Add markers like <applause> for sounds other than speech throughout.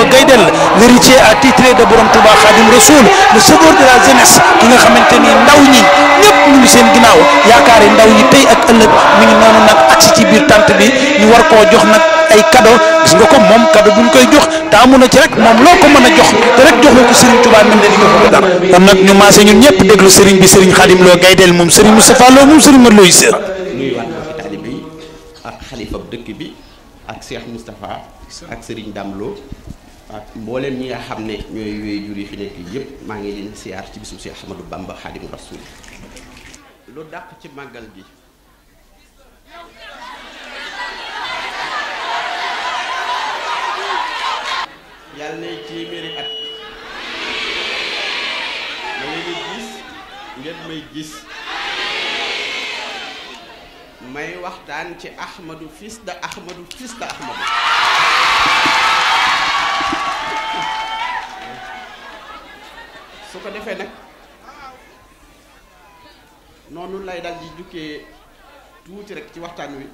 Bousso Gaydel l'héritier attitré de Borom Touba Khadim Rasoul le sauveur de la jeunesse ki nga xamante ni ndaw ñi ñëpp ñu ngi seen ginnaaw yaakaar yi ndaw ñi tey ak ëllëg mi ngi noonu nag agsi ci biir tànt bi ñu war koo jox nag ay cadeau gis nga ko moom cadeau bu ñu koy jox taamu na ci rek moom loo ko mën a jox te rek joxu ko Serigne Touba mën na di jox ko dara kon nag ñu maase ñun ñëpp déglu Serigne bi Serigne Khadim Lo Gaydel moom Serigne moom Serigne Modou Lo dëkk bi ak Cheikh Moustapha ak Serigne Dame Lo ak mboolem xam ne ñooy wéy jur yi fi nekk maa ngi leen siyaar ci bisub si Ahmadou Bamba Xaadimu Rasuul lu dàq ci màggal bi yàlla nay ma leen gis ngeen may gis may waxtaan ci Ahmadou fils de Ahmadou fils su ko defee nag noonu lay dal di jukkee tuuti rek ci waxtaan wi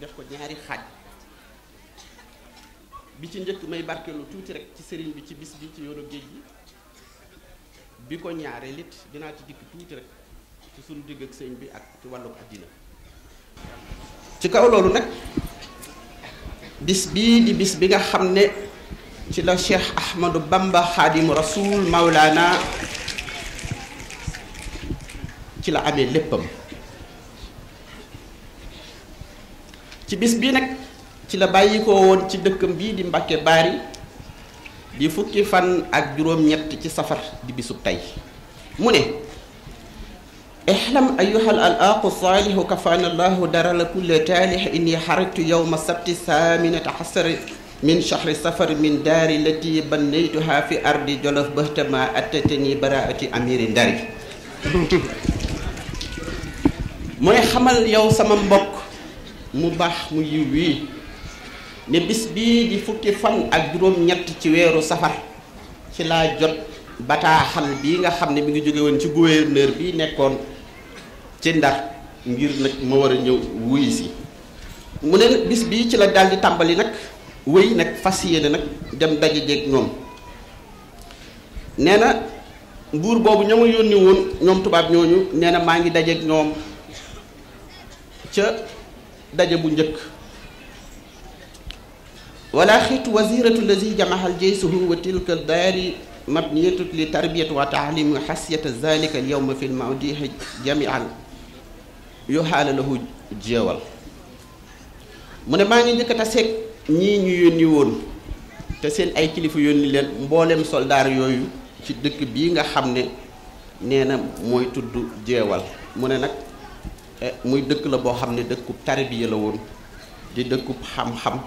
def ko ñaari xaaj bi ci njëkk may barkeelu tuuti rek ci sëriñ bi ci bis bi ci yoonu géej gi bi ko ñaaree lit dinaa ci dikk tuuti rek ci sunu digg ak sëñ bi ak ci wàlluk àddina ci kaw loolu nag bis bii di bis bi nga xam ne ci la cheikh ahmadou bamba xaadimu rasul maulana ci la amee léppam ci bis bi nag ci la bàyyikoo woon ci dëkkam bii di Mbàkke Baari di fukki fan ak juróom-ñett ci safar di bisub tey mu ne ixlam ayuhal alaaqu saalihu kafaana allahu dara la kulle taalih inni xarajtu yowma sabti min shahri safar min dari lati banaytuha fi ardi jolof bahtama attatani bara'ati amiri ndari moy xamal yow sama mbokk mu bax mu yiwi ne bis di fukki fan ak juroom ñett ci wéru safar ci la jot bata xal bi nga xamne mi ngi joge won ci gouverneur bi nekkon ci ndax ngir nak ma wara ñew wuy ci mu ne bis bi nak wéy nak fasiyene nak dem dajje jeeg ñom neena na bobu ñama yoni won ñom tubab ñoñu neena ma ngi dajje ak ñom ci dajje bu ñeuk wala khit waziratu allazi jamaha aljaysuhu wa tilka daari mabniyatu li tarbiyati wa ta'limi xasiyata zalika alyawma fil mawdihi jamian yu xaala lahu jeewal mu ne ngi njëkk a taseeg ñii ñu yónni woon te seen ay kilifa yónni leen mbooleem soldaar yooyu ci dëkk bii nga xam ne nee na mooy tudd jeewal mu ne nag eh, muy dëkk la boo xam ne dëkkub tarbiya la woon di dëkkub xam-xam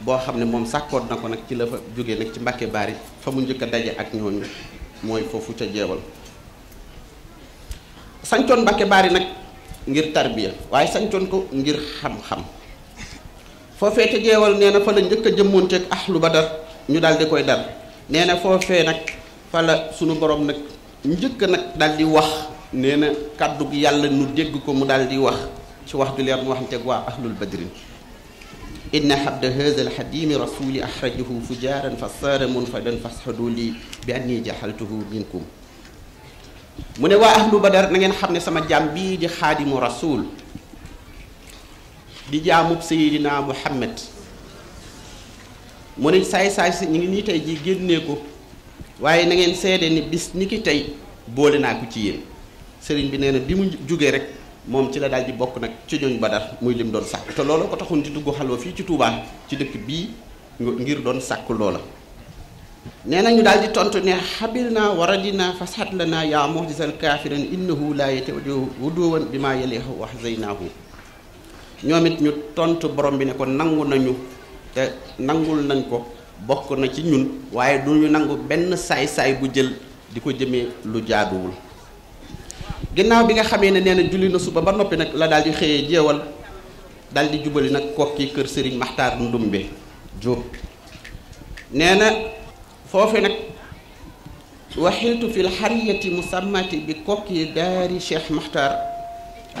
boo xam ne moom sàkkoon na ko nag ci la fa jóge nag ci Mbàkke Baari fa mu njëkk a daje ak ñooñu mooy foofu ca jeewal sancoon Mbàkke Baari nag ngir tarbiya waaye sancoon ko ngir xam-xam foofee ca jeewal nee fa la njëkk a ak ahlu badar ñu dal di koy dal nee fofé nak fa la sunu borom nag njëkk nak dal di wax nee kàddu gu yàlla nu dégg ko mu dal di wax ci wax ju leer mu waxanteeg wa ahlul badr inna habda hadha alhadimi rasuli ahrajahu fujaran fa saara munfadan fasxadu li bi anni jaxaltuhu minkum mu ne waa ahlu badar na ngeen xam sama jaam bii di xaadimu rasul di jaamub sayidina muhammad mu ne saay saay si ñu ngi nii tey ji génnee ko waaye na ngeen seede ni bis ni ki tey boole naa ko ci yéen sëriñ bi nee na bi mu jógee rek moom ci la daal di bokk nag ci ba badar muy lim doon sàkk te loola ko taxoon di dugg xalwa fii ci tuubaan ci dëkk bii ngir doon sàkk loola nee na ñu daal di tontu ne xabir naa waradina fasxat la naa yaa muxjisal kaafiran innahu laa yete wuduwan bi ma yalihu wax zeynaahu ñoom it ñu tontu borom bi ne ko nangu nañu te nangul nañ ko bokk na ci ñun waaye du ñu nangu benn saay-saay bu jël di ko jëmee lu jaaduwul ginnaaw bi nga xamee ne nee na julli na suba ba noppi nag la daal di xëyee jeewal daal di jubali nag kokki kër sëriñ maxtaar ndumbe jóob nee na foofu nag waxiltu fi l xariyati musammati bi kokki daari cheikh maxtaar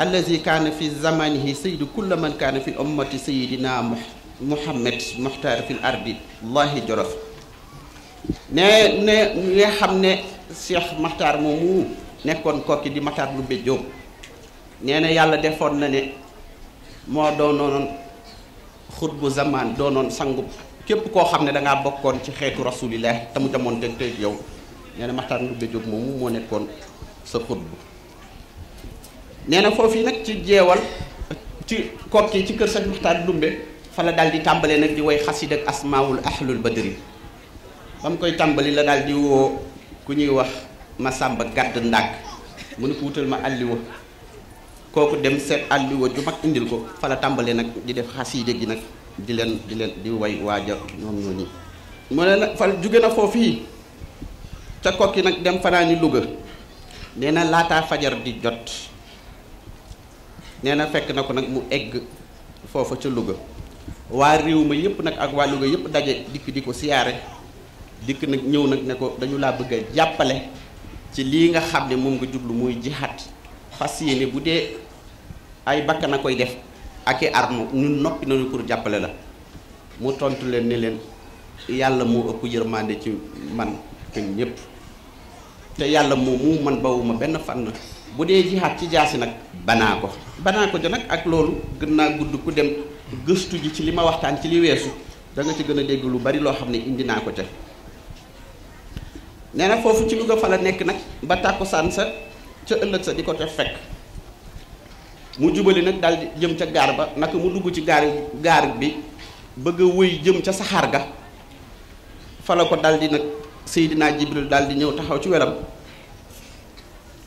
الذي كان في زمنه سيد كل من كان في أمة سيدنا محمد محتار في الأرض الله جرف ني ني ني خامن شيخ محتار مومو نيكون كوكي دي محتار لو بيجوم نينا يالا ديفون نا ني مو دونون خطب زمان دونون سانغوب كيب كو خامن داغا بوكون سي رسول الله تامو تامون تك تيو نينا محتار لو بيجوم مو نيكون سا nee na foofu yi nag ci jeewal ci kokki ci kër Sëñ Muxtaar Dumbe fa la daal di tàmbalee nag di woy xasid ak asmaawul ahlul badri ba mu koy tàmbali la daal di woo ku ñuy wax Masamba gàdd ndàkk mu ne ko wutal ma àlliwa kooku dem seet àlliwa ju mag indil ko fa la tàmbalee nag di def xaside gi nag di leen di leen di woy waaja ñoom ñooñu mu ne nag fa jóge na foofu yi ca kokki nag dem fanaani Louga ne na laataa fajar di jot nee na fekk na ko nag mu egg foofa ca Louga waa réew ma yëpp nag ak waa Louga yëpp daje dikk di ko siyaare dikk nag ñëw nag ne ko dañu laa bëgg jàppale ci lii nga xam ne moom nga jublu muy jihaat fas yéene bu dee ay bakkan a koy def ak i arme ñun noppi nañu pour jàppale la mu tontu leen ni leen yàlla moo ëpp yërmande ci man te ñëpp te yàlla moomu man bawuma benn fànn. bu dee jihaat ci jaasi nag banaa ko banaa ko ja nag ak loolu gën naa gudd ku dem gëstu ji ci li ma waxtaan ci li weesu danga ci gën a dégg lu bari loo xam ne indi naa ko ca nee na foofu ci Louga fa la nekk nag ba tàkkusaan sa ca ëllëg sa di ko ca fekk mu jubali nag daal jëm ca gaar ba naka mu dugg ci gaar gaar bi bëgg wëy jëm ca saxaar ga fa ko daldi nag Seydina Jibril daal di ñëw taxaw ci welam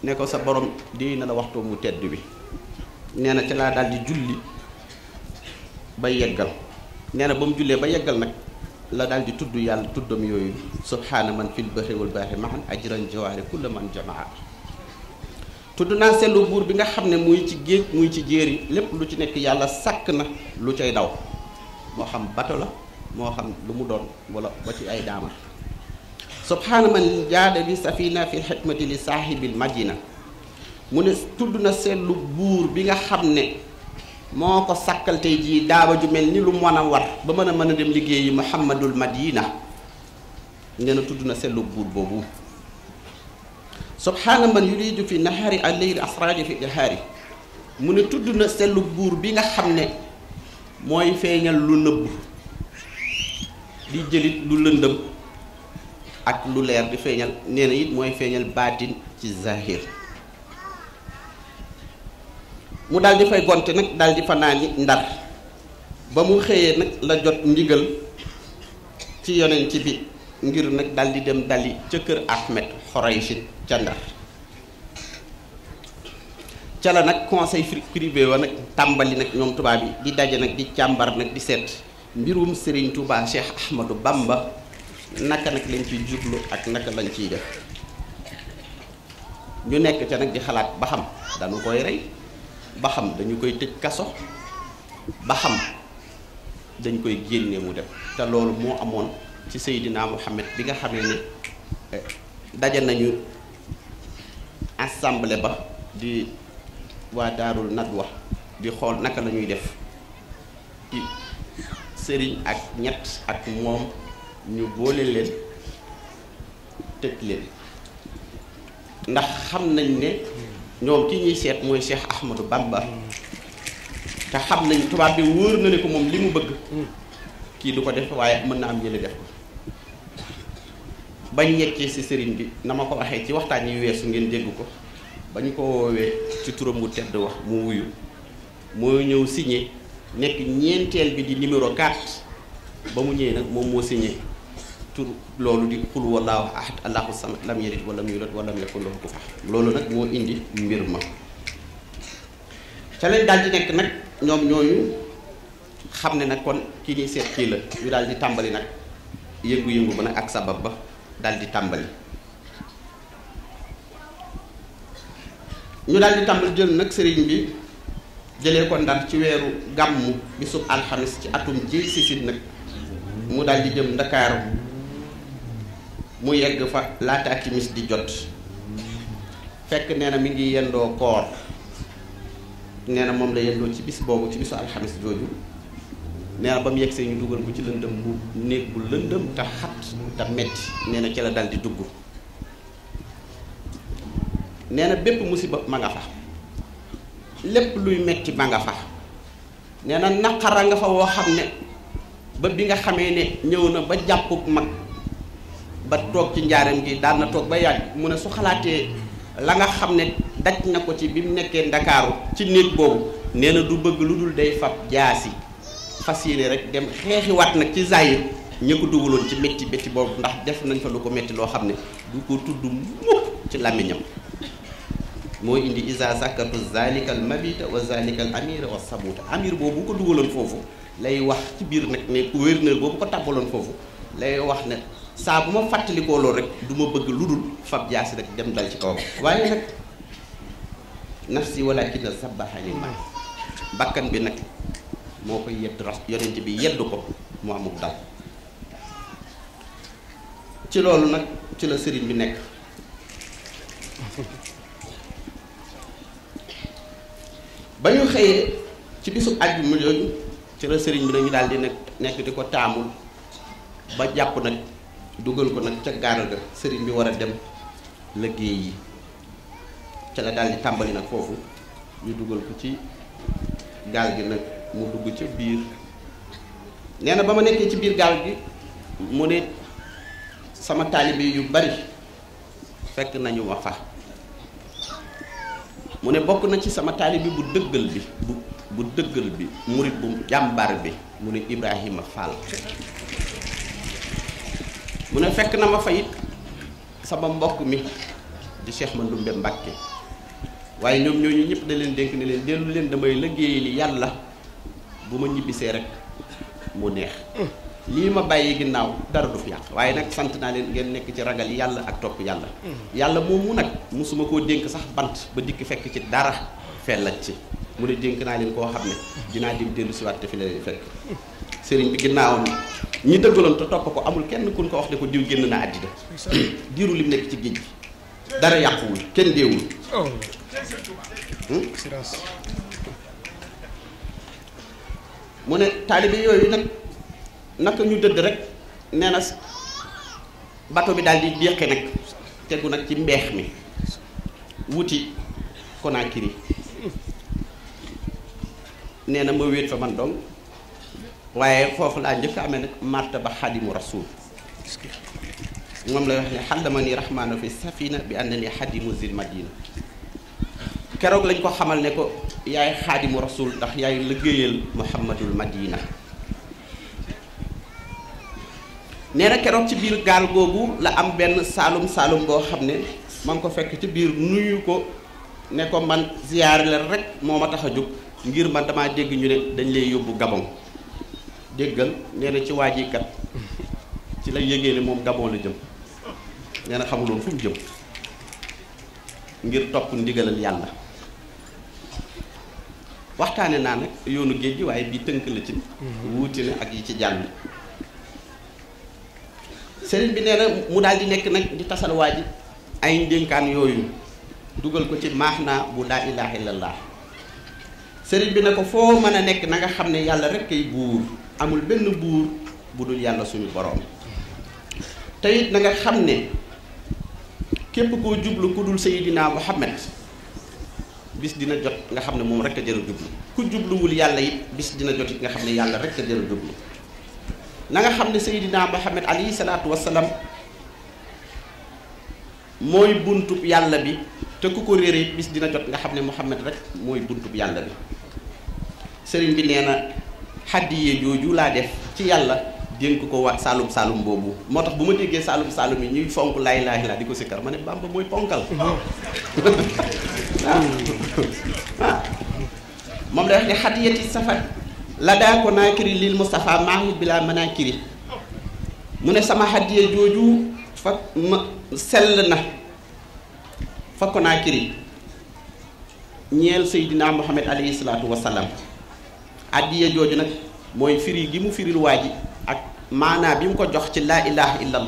ne ko sa borom di na la waxtu mu tedd bi nee na ci laa daal di julli ba yeggal nee na ba mu jullee ba yeggal nag la dal di tudd yàlla tuddam yooyu subhaana man fil bahri wal bahri mahan ajran jawaari kulla man jamaa tudd naa seetlu buur bi nga xam ne muy ci géej muy ci jéeri lépp lu ci nekk yàlla sàkk na lu cay daw moo xam bato la moo xam lu mu doon wala ba ci ay daamar subhaana man jaada li safina fi xikmati li saaxibil madina mu ne tudd na seetlu buur bi nga xam ne moo ko sàkkal tey jii daaba ju mel ni lu mën a war ba mën a mën a dem liggéeyi muhammadul madina nee na tudd na seetlu buur boobu subhaana man yuridu fi nahaari alleyli asraari fi ihaari mu ne tudd na seetlu buur bi nga xam ne mooy feeñal lu nëbb di jëlit lu lëndëm ak lu leer di feeñal nee na it mooy feeñal baatin ci zahir mu daldi di fay gonte nag daal fanaani ndar ba mu xëyee nag la jot ndigal ci yonent bi ngir nag daldi dem dali ca kër Ahmed Xoraysin ca ndar ca nag conseil privé wa nag tàmbali nag ñoom tubaab yi di daje nag di càmbar nag di seet mbirum Serigne Touba Cheikh Ahmadou Bamba naka nag lañ ciy jublu ak naka lañ ciy def ñu nekk ca nag di xalaat ba xam dañu koy rey ba xam dañu koy tëj kaso ba xam dañ koy génne mu def te loolu moo amoon ci Seydina Muhammad bi nga xamee ni eh, daje nañu assemblée ba di waa Daarul wa di xool naka lañuy def sëriñ ak ñett ak moom ñu boole leen tëj leen ndax xam nañ ne ñoom ki ñuy seet mooy Cheikh Ahmadou Bamba te xam nañ tubaab bi wóor na ne ko moom li mu bëgg kii du ko def waaye mën na am ñële def ko bañ yekkee ci sëriñ bi na ma ko waxee ci waxtaan yi weesu ngeen dégg ko ba ñu ko woowee ci turam mu tedd wax mu wuyu moo ñëw signé nekk ñeenteel bi di numéro 4 ba mu ñëwee nag moom moo signé tur loolu di xul wallaahu ahad allahu samad lam yalid walam yulad walam yakun lahu kufuwan ahad loolu nag moo indi mbir ma ca leen daal nekk nag ñoom ñooñu xam ne nag kon kii ñuy seet kii la ñu daal tàmbali nag yëngu-yëngu ba nag ak sabab ba daal di tàmbali ñu daldi di jël nag sëriñ bi jëlee ko ndar ci weeru gàmmu bisub alxamis ci atum ji sisin nag mu daal jëm ndakaaru mu yegg fa laata timis di jot fekk nee na mi ngi yendoo koor nee na moom la yendoo ci bis boobu ci bisu alxamis jooju nee na ba mu yegg see ñu dugal bu ci lëndëm bu néeg bu lëndëm te xat te metti nee na ci la dal di dugg nee na bépp musiba ma nga fa lépp luy metti ma nga fa nee na naqara nga fa woo xam ne ba bi nga xamee ne ñëw na ba jàppuk mag ba toog ci njaaram gi daan na toog ba yàgg mu ne su xalaatee la nga xam ne daj na ko ci bi mu nekkee ndakaaru ci néeg boobu nee na du bëgg lu dul day fab jaasi fas yéene rek dem xeexiwaat nag ci zaayir ñi ko dugaloon ci metti métti boobu ndax def nañ fa lu ko metti loo xam ne du ko tudd mukk ci làmmiñam moo indi isa zakkatu zalikal mabita wa zalikal amira wa sabuta amir boobu ko dugaloon foofu lay wax ci biir nag ne gouverneur boobu ko tàbbaloon foofu wax ne saa bu ma fàttalikoo loolu rek du ma bëgg lu dul fab jaasi rek dem dal ci kawam waaye nag nafsi wala kinna sabaxani ma bakkan bi nag moo koy yedd ras yonent bi yedd ko mu amul dal ci loolu nag ci la sëriñ bi nekk ba ñu xëyee ci bisu àjjuma yooyu ci la sëriñ bi nag ñu daal di nekk di ko taamul ba jàpp nag dugal ko nag ca gaal ga sëriñ bi war a dem liggéey yi ca la daal tàmbali nag foofu ñu dugal ko ci gaal gi nag mu dugg ca biir nee na ba ma nekkee ci biir gaal gi mu ne sama taalibe yu bari fekk nañu ma fa mu ne bokk na ci sama taalibe bu dëggal bi bu bu dëggal bi murit bu jàmbaar bi mu ne Ibrahima Fall mu ne fekk na ma fayit sama mbokk mi di Cheikh Mandoumbe Mbacke waaye ñoom ñooñu ñëpp da leen dénk ne leen dellu leen damay liggéey li yàlla bu ma ñibbisee rek mu neex lii ma bàyyi ginnaaw dara du fi yàq waaye nag sant naa leen ngeen nekk ci ragal yàlla ak topp yàlla yàlla mu nag mosuma koo dénk sax bant ba dikk fekk ci dara fellat ci mu ne dénk naa leen koo xam ne dinaa dem dellu siwaat te fi la leen fekk sëriñ bi ginnaawam ñi dëggaloon te topp ko amul kenn kun ko wax ne ko diw génn na àddina diiru lim nekk ci géej gi dara yàquwul kenn deewul hmm? mu ne taalibe yooyu nag naka ñu dëdd rek nee na bato bi daal di déqe nag tegu nag ci mbeex mi wuti Conakry nee na ma wéet fa man dong waaye foofu laa njëkk amee nag martaba xadimu rasul moom lay wax ne xallama ni rahmaanu fi safina bi ànd ni xadimu zil madina keroog lañ ko xamal ne ko yaay xaadimu rasul ndax yaay liggéeyal muhammadul madina nee na keroog ci biir gaal googu la am benn saalum saalum boo xam ne ma ngi ko fekk ci biir nuyu ko ne ko man ziyaare la rek moo ma tax a jóg ngir man damaa dégg ñu ne dañ lay yóbbu Gabon déggal nee na ci waa ci la yëgee ne moom Gabon la jëm nee na xamuloon fu mu jëm ngir topp ndigalal yàlla waxtaane naa nag yoonu géej gi waaye bii tënk la ci wuuti na ak yi ci jàll sëriñ bi nee na mu daal di nekk nag di tasal waa ji ay ndénkaan yooyu dugal ko ci maax naa bu laa ilaaha illallah sëriñ bi ne ko foo mën a nekk na nga xam ne yàlla rek kay buur amul benn buur bu dul yàlla suñu boroom te it na nga xam ne képp koo jublu ku dul Seydina Muhammad bis dina jot nga xam ne moom rek a jëral jublu ku jubluwul yàlla it dina jot it nga xam ne yàlla rek a jëral jublu na nga xam ne Seydina Muhammad alayhi salaatu wasalaam mooy buntub yàlla bi te ku ko réere it bis dina jot nga xam ne Muhammad rek mooy buntub yàlla bi sëriñ bi nee xaddiyee jooju laa def ci yàlla dénk ko waa saalum saalum boobu moo tax bu ma déggee saalum saalum yi ñuy fonk laay laay laa di ko sikkar ma ne Bàmba mooy ponkal mhm. <laughs> ah moom da wax ne xaddiyati safar la daa ko naakiri lil Moustapha maahid bi laa manaakiri mu ne sama xaddiyee jooju fa ma sell na fa ko naakiri ñeel Seydina Muhammad alayhi salaatu wa addiya jooju nag mooy firi gi mu firil waa ji ak maanaa bi mu ko jox ci laa ilaha illa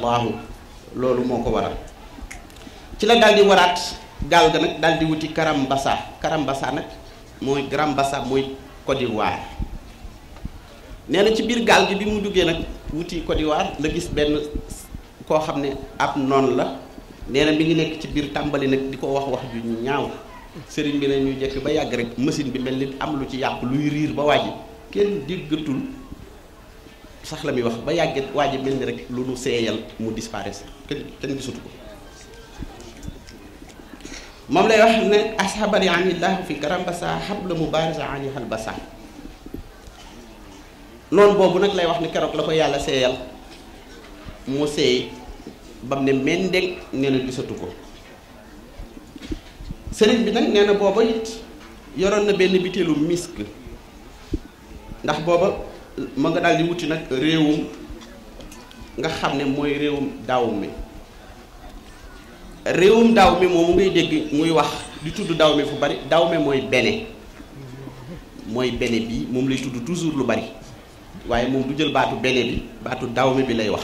loolu moo ko waral ci la daal di waraat gaal ga nag daal di wuti Karambassa Karambassa nag mooy grand mooy Côte d'Ivoire na ci biir gaal gi bi mu duggee nag wuti Côte d'Ivoire la gis benn koo xam ne ab noon la nee bi ngi nekk ci biir tàmbali nag di ko wax wax ju ñaaw sëriñ bi ne ñu jekk ba yàgg rek machine bi mel ni am lu ci yàpp luy riir ba waaji kenn déggatul sax la muy wax ba yàgg waaji mel ni rek lu nu seeyal mu disparaître kenn kenn gisutu ko moom lay wax ne ashabari anillahu mu karambasa habla mubarasa anihal basa noonu boobu nag lay wax ni keroog la ko yàlla seeyal mu seey bam ne mendeg nee na gisatu ko sëriñ bi nag nee na booba it yoroon na benn biteelu misk ndax booba ma nga daal di wuti nag réewum nga xam ne mooy réewum daaw réewum daaw mi moomu ngay dégg muy wax di tudd daaw fu bari daaw mi mooy bene mooy bene bi moom lay tudd toujours lu bari waaye moom du jël baatu bene bi baatu daaw mi bi lay wax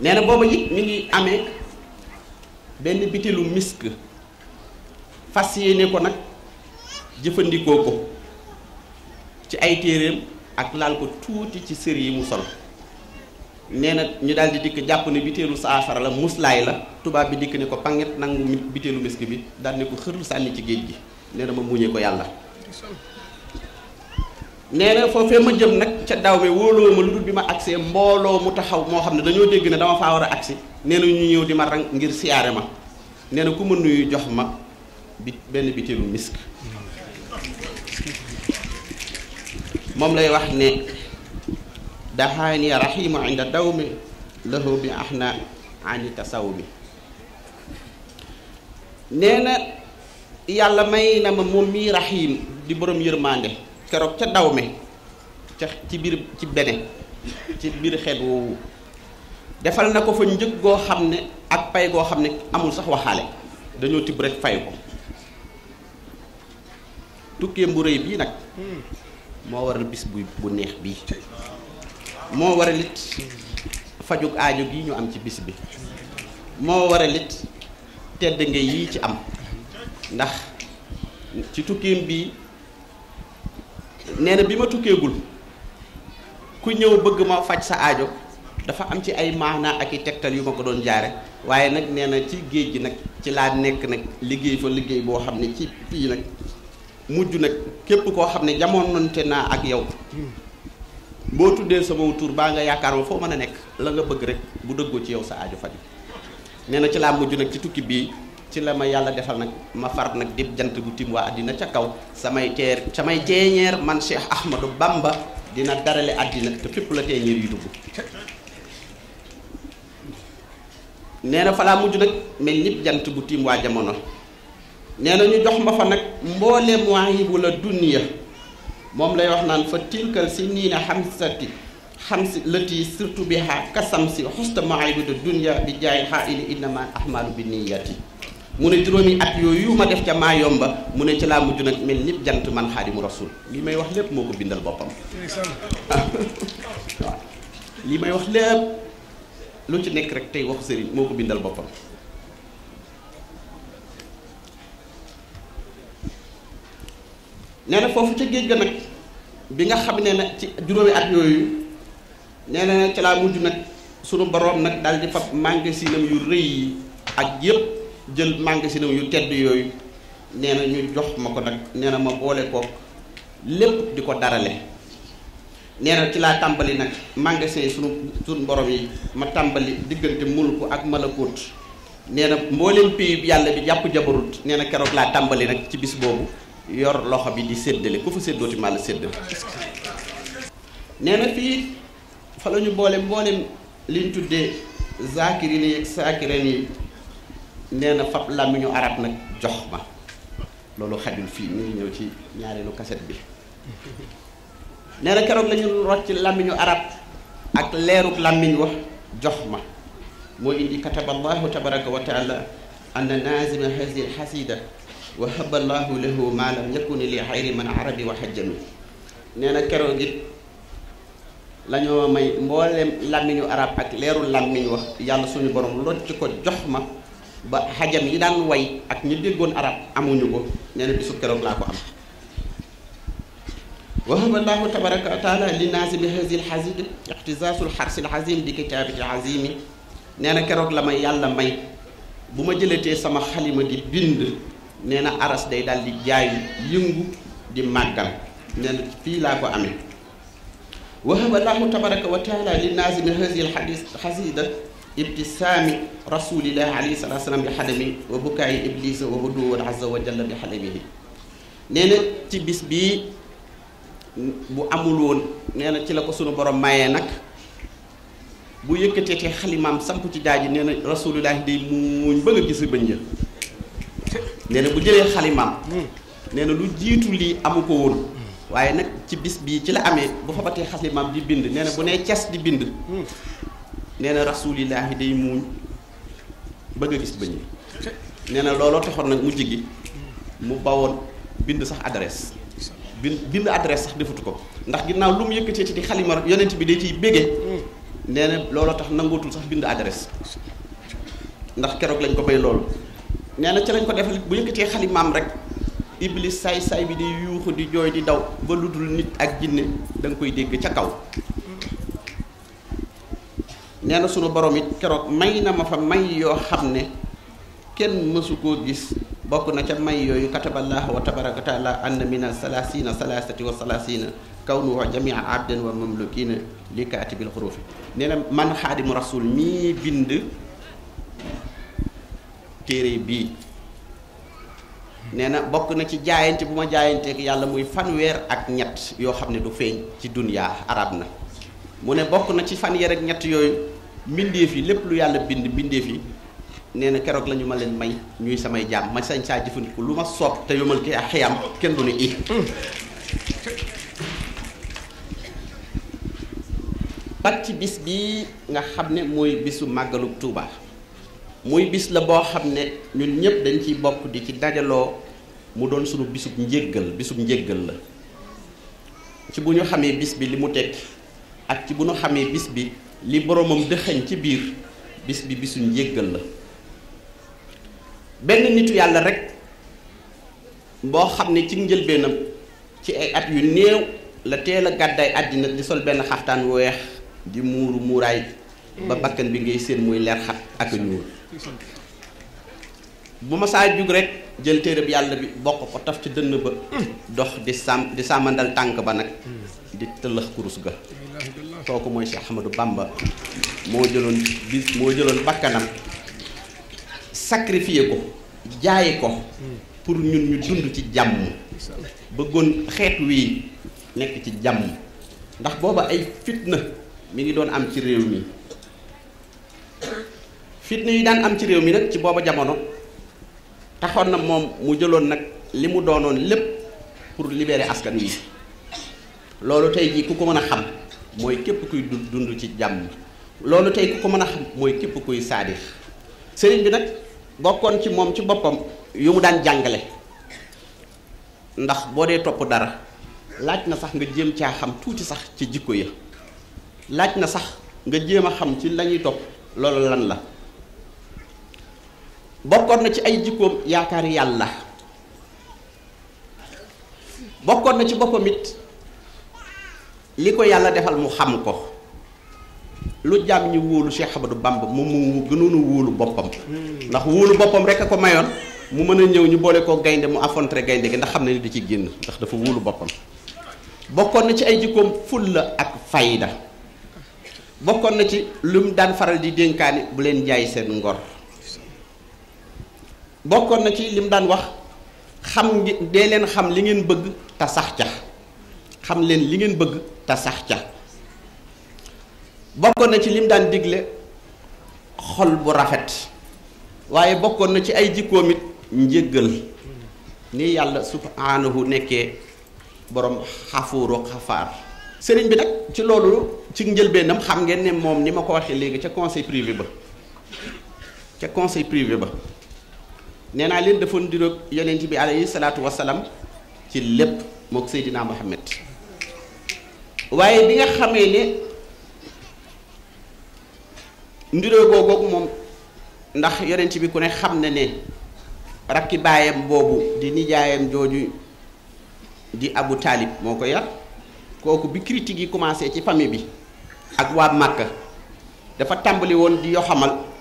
nee na booba it mi ngi amee benn bitilu misk fas yéene ko nag jëfandikoo ko ci ay téeréem ak laal ko tuuti ci sër yi mu sol nee na ñu daal di dikk jàpp ne biteelu saafara la muslaay la tubaab bi dikk ne ko panget nangu biteelu misk bi daal ne ko xërl sànni ci géej gi nee na ma muñee ko yàlla nee na ma jëm nag ca daaw mi wóoloo ma lu dul bi ma agsee mbooloo mu taxaw moo xam ne dañoo dégg ne dama faa war a agsi nee na ñu ñëw di ma rang ngir siyaare ma nee na ku ma nuyu jox ma bi benn biteelu misk moom lay wax ne daxaani raximu inda daw mi lahu bi ax na ani saw mi nee yàlla may na ma moom mii raxim di borom yërmande keroog ca ndaw mi ca ci biir ci bene ci biir xeet woowu defal na ko fa njëg goo xam ne ak pay goo xam ne amul sax waxaale dañoo tibb rek fay ko tukkeem bu rëy bii nag moo waral bis bu neex bii moo waral it fajug aajo gi ñu am ci bis bi moo waral it tedd nga yii ci am ndax ci tukkeem bii neena bi ma tukkeegul ku ñëw bëgg ma faj sa ajo dafa am ci ay maanaa ak i tegtal yu ma ko doon jaare waaye nag nee na ci géej gi nag ci laa nekk nag liggéey fa liggéey boo xam ne ci fii nag mujj nag képp koo xam ne jamononte naa ak yow boo tuddee sama tur baa nga yaakaar ma foo mën a nekk la nga bëgg rek bu dëggoo ci yow sa ajo faj nee na ci laa mujj nag ci tukki bii ci la ma yàlla defal nag ma far nag dib jant bu tim waa àddina ca kaw samay teer samay teeñeer man cheikh ahmadou bamba dina darale àddina te fépp la teeñeer yu dugg nee na falaa mujj nag mel ñëpp jant bu tim waa jamono nee na ñu jox ma fa nag mbooleem waayibu la duniya moom lay wax naan fa tilkal si nii na lati surtout bi xaa kasam si xusta dunia bi jaay xaa ili innama ahmalu bi niyati mu ne juróomi at yooyu ma def ca maa yomba mu ne ci laa mujj nag mel ñëpp jant man xaadimu rasul li may wax lépp moo ko bindal boppam waaw ah. <laughs> li may wax lépp lu ci nekk rek tey waxu sëriñ moo ko bindal boppam nee na foofu ca géej ga nag bi nga xam ne nag ci juróomi at yooyu nee na ci laa mujj nag sunu boroom nag daal di fab mangasinam yu rëy ak yëpp jël magasinam yu tedd yooyu nee na ñu jox ma ko nag nee na ma boole ko lépp di ko darale nee na ci laa tàmbali nag magasin yi sunu sun borom yi ma tàmbali diggante mulku ak malakut nee na mboolem pays yàlla bi jàpp jabarut nee keroog laa tàmbali nag ci bis boobu yor loxo bi di séddale ku fa séddooti maa la séddale nee na fii fa la ñu boole li liñ tuddee zaakirine yeeg saakireen yi nee na fab làmmiñu arab nag jox ma loolu xajul fii mi ngi ñëw ci ñaareelu kaset bi nee na keroog lañu rocc làmmiñu arab ak leerug làmmiñ wax jox ma moo indi kataba allahu tabaraka wa taala anna naazima hasi xasida wa haba allahu lahu ma lam yakuni li xayri man arabi wa xajjami nee na keroog it la ñoo may mboolem làmmiñu arab ak leerul làmmiñ wax yàlla suñu borom rocc ko jox ma ba xajam yi daan way ak ñi déggoon arab amuñu ko nee na bisu keroog laa ko am wahaba llahu tabaraka wa taala linnaasi bi hasi lxasid ixtisaasul xarsil azim di kitaabil azimi nee na keroog la ma yàlla may bu ma jëlatee sama xalima di bind nee na aras day daal di jaayu yëngu di màggal nee na fii laa ko amee wahaba llahu tabaraka wa taala linnaasi bi hasi lxasida ابتسام رسول الله عليه الصلاه والسلام بحلمه وبكاء ابليس وهدوء عز وجل بحلمه نينا تي بيس بي بو امول وون نينا تي لاكو سونو بروم ماي نك بو ييكتي تي خليمام سامبو تي داجي نينا رسول الله دي موج بغا جيس بنيا نينا بو جيري خليمام نينا لو جيتو لي اموكو وون واي نك تي بيس بي تي لا امي بو فاباتي خليمام دي بيند نينا بو ني تياس دي بيند nee na rasuulillaahi day muuñ bëgg a gis bëñ yi nee na looloo taxoon nag mujj gi mu bawoon bind sax adresse bind bind adresse sax defatu ko ndax ginnaaw lu mu yëkkatee ci di xalima rek yonent bi day ciy béggee nee looloo tax nangootul sax bind adresse ndax keroog lañ ko may loolu nee na ci lañ ko defal bu yëkkatee xalimaam rek iblis saay saay bi di yuuxu di jooy di daw ba lu dul nit ak jinne danga koy dégg ca kaw nee sunu borom it keroog may ma yoo xam ne kenn mësu koo gis bokk na ca may yooyu kataballahu wa tabaraka taala anna mina salaasina salaasati wa salaasina kawnu wa man xaadimu rasul mii bind téere bii nee na bokk na ci jaayante bu ma jaayanteek yàlla muy fanweer ak ñett yoo xam ne du ci dunyaa bokk na ci fanweer ak ñett yooyu mbindeef yi lépp lu yàlla bind mbindeef yi nee na keroog lañu ma leen may ñuy samay jaam ma sañ saa jëfandiku lu ma soob te yomal ki ak xiyam kenn du ne i pat ci bis bi nga xam ne mooy bisu màggalu Tuuba muy bis la boo xam ne ñun ñëpp dañ ciy bokk di ci dajaloo mu doon sunu bisub njéggal bisub njéggal la ci bu ñu xamee bis bi li mu tekki ak ci bu ñu xamee bis bi li boromam dëxañ ci biir bis bi bisuñ jéggal la benn nitu yàlla rekk boo xam ne ci njëlbeenam ci ay at yu néew la teel a gàddaay àddina di sol benn xaftaan weex di muuru muuraay ba bakkan bi ngay séen muy leer xat ak a ñuul bu ma saa jug rek jël téere yàlla bi bokk ko taf ci dënn ba dox di sàmmandal tànk ba nag di tëllëx kurus ga kooku mooy Cheikh Ahmadou Bamba moo jëloon bis moo jëloon bakkanam sacrifié ko jaay ko pour ñun ñu dund ci jàmm bëggoon xeet wii nekk ci jàmm ndax booba ay fitna mi ngi doon am ci réew mi fitna yi daan am ci réew mi nag ci booba jamono taxoon na moom mu jëloon nag li mu doonoon lépp pour libérer askan wi loolu tey jii ku ko mën a xam mooy képp kuy dund ci jàmm loolu tey ku ko mën a xam mooy képp kuy saadix sëriñ bi nag bokkoon ci moom ci boppam yu mu daan jàngale ndax boo dee topp dara laaj na sax nga jéem caa xam tuuti sax ci jikko yi laaj na sax nga jéem a xam ci lañuy ñuy topp loolu lan la bokkoon na ci ay jikkoom yaakaar yàlla bokkoon na ci boppam it li ko yàlla defal mu xam ko lu jàmm ñi wóolu Cheikh Ahmadou Bamba moom moo gënoon wóolu boppam hmm. ndax wóolu boppam rek a ko mayoon mu mën a ñëw ñu boole koo gaynde mu affronter gaynde gi ndax xam na ni da ci génn ndax dafa wóolu boppam bokkoon na ci ay jikkoom fulla ak fayda bokkoon na ci lu mu daan faral di dénkaani bu leen jaay seen ngor bokkoon na ci li mu daan wax xam ngi dee leen xam li ngeen bëgg te sax ca xam leen li ngeen bëgg te sax ca bokkoon na ci lim daan digle xol bu rafet waaye bokkoon na ci ay jikkoom it njëggal ni yàlla subhaanahu nekkee boroom xafuuru xafaar sëriñ bi nag ci loolu ci njëlbeenam xam ngeen ne moom ni ma ko waxee léegi ca conseil privé ba ca conseil privé ba nee naa leen dafa ndiroog yonent bi alayhi salaatu wasalaam ci lépp mook Seydina Muhammad waaye bi nga xamee ne ndiroo googu moom ndax yonent bi ku ne xam na ne rakki baayam boobu di nijaayam jooju di Abu Taalib moo ko yar kooku bi critique yi commencé ci famille bi ak waa Màkka dafa tàmbali woon di yoo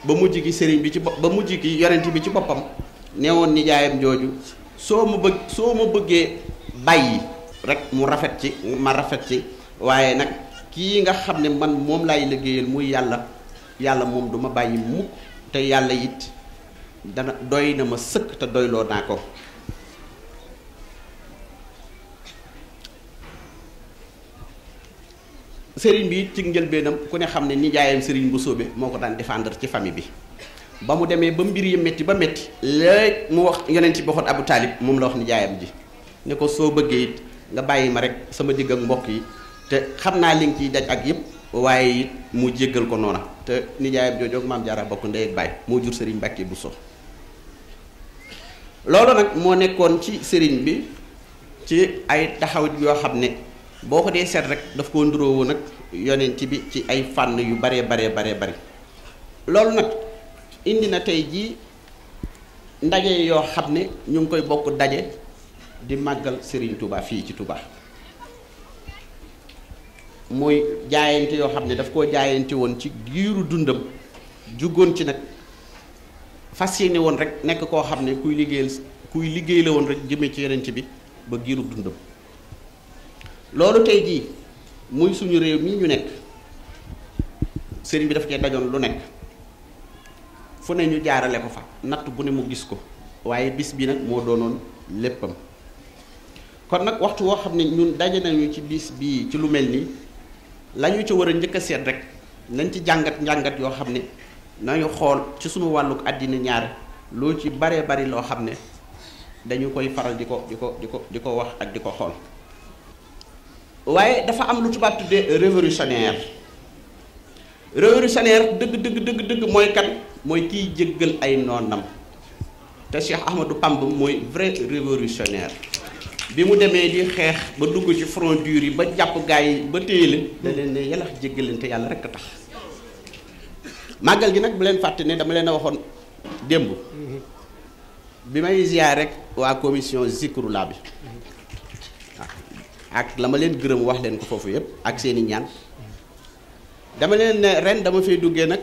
ba mu gi sëriñ bi ci ba mujj gi yonent bi ci boppam nee woon nijaayam jooju soo ma bëgg soo ma bëggee bàyyi rek mu rafet ci ma rafet ci waaye nag kii nga xam ne man moom laay liggéeyal muy yàlla yàlla moom du ma bàyyi mukk te yàlla yit dana doy na ma sëkk te doyloo naa ko sëriñ bi ci njëlbeenam ku ne xam ne nijaayam sëriñ bu sóobe moo ko daan défendre ci famille bi ba mu demee ba mbir yi métti ba metti léeg mu wax yonent ci boxoon Abu Taalib moom la wax nijaayam ji ne ko soo bëggee it nga bàyyi ma rek sama digg ak mbokk yi te xam naa li nga ciy daj ak yépp waaye it mu jéggal ko noona te nijaayam jooju ak maam Jaara bokk ndey baay moo jur sëriñ Mbàkke so loolu nag moo nekkoon ci sëriñ bi ci ay taxaw yoo xam ne boo ko dee set rek daf ko nduróowu nag yonent bi ci ay fànn yu baree baree baree bari loolu nag indi na tey jii ndaje yoo xam ne ñu ngi koy bokk daje di màggal sëriñ tubaa fii ci tubaa mooy jaayante yoo xam ne daf koo jaayante woon ci giiru dundam jugoon ci nag fas yéene woon rek nekk koo xam ne kuy liggéeyal kuy liggéey la woon rek jëmee ci yonent ba giiru dundam loolu tey jii muy suñu réew mii ñu nekk sëriñ bi daf cee dajoon lu nekk fu ne jaarale ko fa natt bu ne mu gis ko waaye bis bi nag moo doonoon léppam kon nag waxtu woo xam ne ñun daje nañu ci biis bii ci lu mel nii lañu ci war a njëkk a seet rek nañ ci khol, njàngat yoo xam adi nañu xool ci ñaar ci bare bari lo xam ne dañu koy faral di ko di ko di ko di ko wax ak di ko xool waaye dafa am lu tubaab tuddee révolutionnaire révolutionnaire dëgg dëgg dëgg dëgg mooy kan mooy ki jéggal ay noonam te cheikh ahmadou pamb mooy vrai révolutionnaire bi mu demee di xeex ba dugg ci front dur yi ba jàpp gaay yi ba téye leen da leen ne yalax jéggalante yàlla rek a tax màggal gi nag bu leen fàtte ne dama leen a waxoon démb bi may ziar rek waa commission Zikroullah bi ak la ma leen gërëm wax leen ko foofu yëpp ak seeni ñaan dama leen ren dama fay duggee nag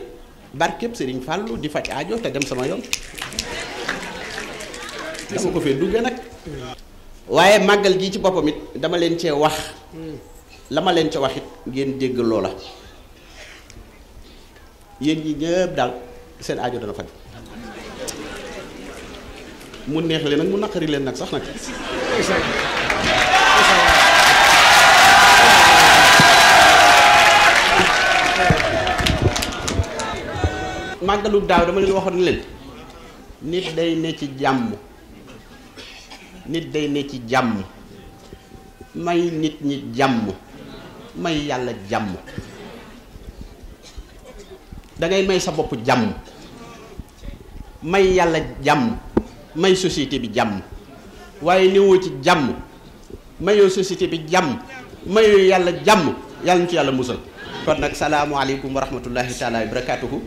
barkeb Serigne Fallou di faj aajo te dem sama yoon dama ko fee duggee nag waaye màggal gi ci boppam it dama leen cee wax la ma leen ca wax it ngeen dégg loola yéen ñi ñëpp daal seen aajo dana faj mu neex leen nag mu naqari leen nag sax nag màggalu daaw dama leen waxoon leen nit day ne ci jàmm nit day ne ci jàmm may nit ñi jàmm may yàlla jàmm dangay may sa bopp jàmm may yàlla jàmm may société bi jàmm waaye newoo ci jàmm mayoo société bi jàmm mayoo yàlla jàmm yàlla ñu ci yàlla musal kon nag salaamualeykum wa rahmatullahi taala wa barakatuhu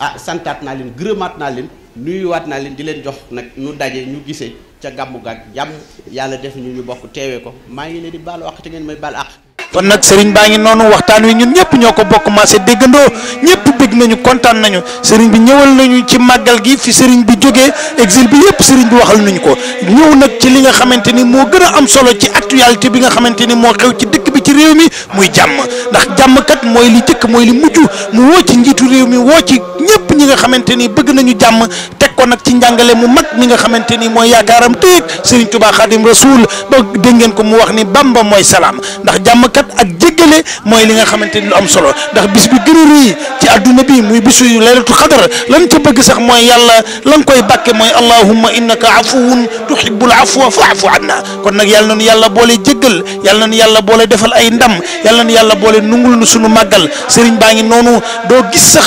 ah santaat naa leen gërëmaat naa leen nuyuwaat naa leen di leen jox nag nu daje ñu gisee ca gàmmu gaag jàmm yàlla def ñu ñu bokk teewee ko maa ngi leen di baal àq te ngeen may baal àq kon nag sëriñ baa ngi noonu waxtaan wi ñun ñëpp ñoo ko bokk maase déggandoo ñëpp bég nañu kontaan nañu sëriñ bi ñëwal nañu ci màggal gi fi sëriñ bi jógee exil bi yëpp sëriñ bi waxal nañu ko ñëw nag ci li nga xamante ni moo gën a am solo ci actualité bi nga xamante ni moo xew ci dëkk bi ci réew mi muy jàmm ndax jàmm kat mooy li jëkk mooy li mujj mu woo ci njiitu réew mi woo ci ñëpp ñi nga xamante ni bëgg nañu jàmm teg ko nag ci njàngale mu mag mi nga xamante ni mooy yaakaaram téeg sëriñ Tuubaa Xaadim Rasuul ba dégg ngeen ko mu wax ni Bamba mooy salaam ndax jàmm kat ak jéggale mooy li nga xamante ni lu am solo ndax bis bi gën a rëy ci adduna bi muy bisu laylatul qadar lan ca bëgg sax mooy yàlla lan koy bàkke mooy allahumma innaka afuwun tuhibbul afwa fa'fu anna kon nag yàlla nu yàlla boole jéggal yàlla nañu yàlla boole defal ay ndam yàlla nañu yàlla boole nungul nu sunu màggal sëriñ baa ngi noonu doo gis sax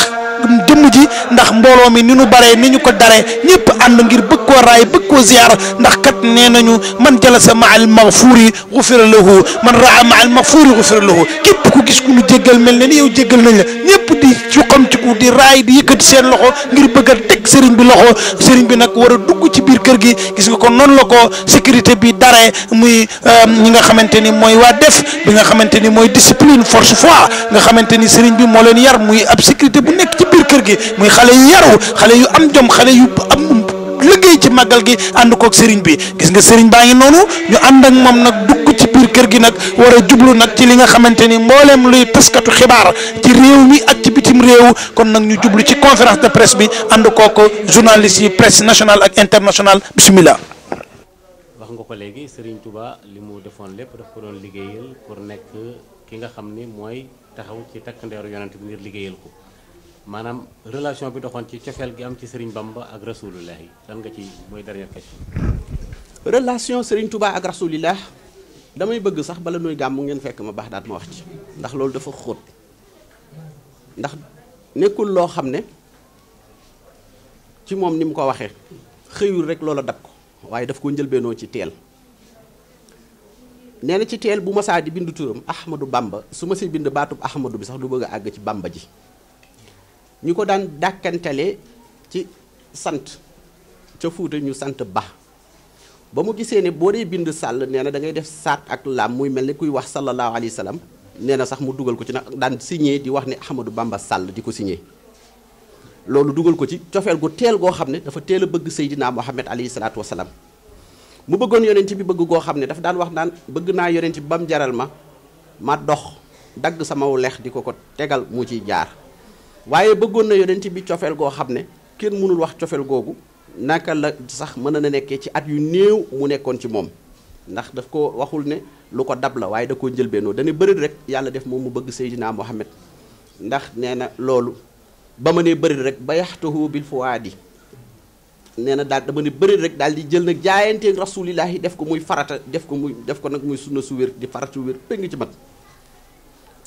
jëmm ji ndax mbooloo mi ni nu baree ni ñu ko daree ñëpp ànd ngir bëgg ko ray bëgg ko ziar ndax kat nenañu nañu man jalasa ma al maghfur ghufr lahu man raa ma al maghfur ghufr lahu kep ku gis ku nu jéggal mel ni yow jéggal nañ la ñëpp di ci ci xam ku di ray di yëkëti seen loxo ngir bëgg tek sëriñ bi loxo sëriñ bi nak wara dugg ci biir kër gi gis nga ko non la ko sécurité bi daré muy ñi nga xamanteni moy wa def bi nga xamanteni moy discipline force foi nga xamanteni sëriñ bi mo leen yar muy ab sécurité bu nekk ci biir kër gi muy xale yu yaru xale yu am jom xale yu am liggéey ci màggal gi ànd kook sëriñ bi gis nga sëriñ baa ngi noonu ñu ànd ak moom nag dugg ci biir kër gi nag war a jublu nag ci li nga xamante ni mbooleem luy taskatu xibaar ci réew mi ak ci bitim réew kon nag ñu jublu ci conférence de presse bi ànd kooko journaliste yi presse nationale ak internationale bismillah wax nga ko léegi sëriñ Touba li mu defoon lépp daf ko doon liggéeyal pour nekk ki nga xam ni mooy taxaw ci takk ndeeru yonent bi ngir liggéeyal ko maanaam relation bi doxoon ci cofeel gi am ci Serigne Bamba ak rasulullah yi lan nga ci mooy dernière question. relation Serigne Touba ak rasulullah damay bëgg sax bala nuy gàmm ngeen fekk ma baax daat ma wax ci ndax loolu dafa xóot ndax nekkul loo xam ne ci moom ni mu ko waxee xëyul rek loola dab ko waaye daf ko njëlbeenoo ci teel. nee na ci teel bu ma saa di bind turam Ahmadou Bamba su ma si bind baatub Ahmadou bi sax du bëgg àgg ci Bamba ji. ñu ko daan dàkkantale ci sant ca Fuuta ñu sant ba ba mu gisee ne boo dee bind sàll nee na dangay def saat ak laam muy mel ni kuy wax sallallahu alayhi wa nee na sax mu dugal ko ci nag daan siñee di wax ne Ahmadou Bamba Sàll di ko signé loolu dugal ko ci cofeel gu teel goo xam ne dafa teel a bëgg Seydina Mohamed alayhi salaatu wa salaam mu bëggoon yonent bi bëgg goo xam ne dafa daan wax naan bëgg naa yonent bi ba jaral ma ma dox dagg sama lex di ko ko tegal mu ciy jaar waaye bëggoon na yonent bi cofeel goo xam ne kenn mënul wax cofeel googu naka la sax mën na nekkee ci at yu néew mu nekkoon ci moom ndax daf ko waxul ne lu ko dab la waaye da koo njëlbeenoo dana bëri rek yàlla def moom mu bëgg Seydina Mohamed ndax nee na loolu ba ma nee bëri rek ba yaxtahu bil fuwaadi nee na daal dama ne bëri rek daal di jël nag jaayante rasulillahi def ko muy farata def ko muy def ko nag muy sunna su wér di farata su wér péng ci mat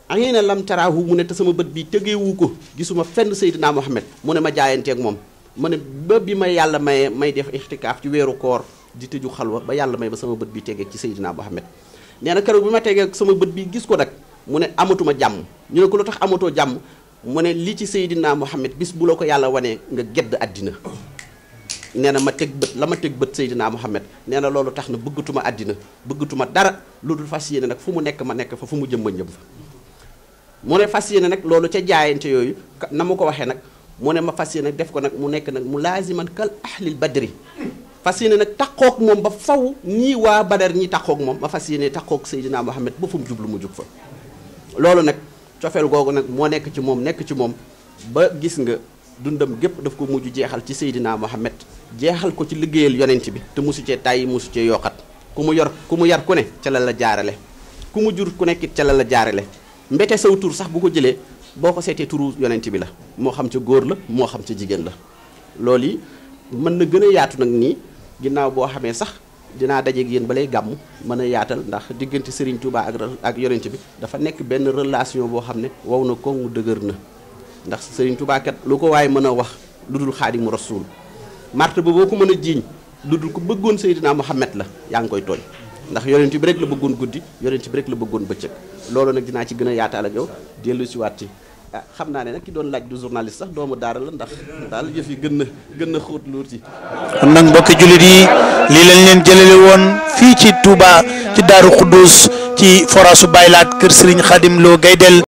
angi na lam taraahu mu ne te sama bët bi tegeewu ko gisuma fenn Seydina Mohamed mu ne ma jaayanteeg moom ma ne ba bi ma yàlla maye may def ixtikaaf ci weeru koor di tëju xalwa ba yàlla may ba sama bët bi tegee ci Seydina Mohamed nee na keroog bi ma tegee sama bët bi gis ko nag mu ne amatuma jàmm ñu ne tax amatoo jàmm mu ne li ci Seydina Mohamed bis bu la ko yàlla wanee nga gedd àddina nee na ma teg bët ma teg bët Seydina Mohamed nee na loolu tax na bëggatuma àddina bëggatuma dara lu dul fas yéene nag fu mu nekk ma nekk fa fu mu jëm ma fa mu ne fas yéene nag loolu ca jaayante yooyu na mu ko waxee nag mu ne ma fas yéene nag def ko nag mu nekk nag mu laaziman kal ahlil badri fas yéene nag taqoog moom ba faw ñii waa badar ñi taqoog moom ma fas yéene taqoog Seydina Muhammad ba fu mu jublu mu jug fa loolu nag cofeel googu nag moo nekk ci moom nekk ci moom ba gis nga dundam gépp daf ko mujj jeexal ci Seydina Muhammad jeexal ko ci liggéeyal yonent bi te musu cee tàyyi mosu cee yokkat ku mu yor ku mu yar ku ne ca la la jaarale ku mu jur ku nekkit ca la la jaarale mbete saw tur sax bu ko jëlee boo ko seetee turu yonent bi la moo xam ca góor la moo xam ca jigéen la lool yi mën na gën a yaatu nag nii ginnaaw boo xamee sax dinaa dajeeg yéen balay gàmm mën a yaatal ndax diggante Serigne Touba ak ak yonent bi dafa nekk benn relation boo xam ne wow na koŋŋ dëgër na ndax Serigne Touba kat lu ko waaye mën a wax lu dul xaadimu rasul marte ba boo ko mën a jiiñ lu dul ku bëggoon dinaa Muhammad la yaa ngi koy tooñ ndax yonent bi rek la bëggoon guddi yonent bi rek la bëggoon bëccëg loolu nag dinaa ci gën a yaataal ak yow dellu si waat ci ah xam naa ne nag ki doon laaj du journaliste sax doomu daara la ndax daal yëf yi gën na gën na xóot luur ci kon nag mbokki jullit yi lii lañ leen jëlale woon fii ci Touba ci Daaru Xuddus ci forage su Baylaat kër Serigne Khadim gay Gaydel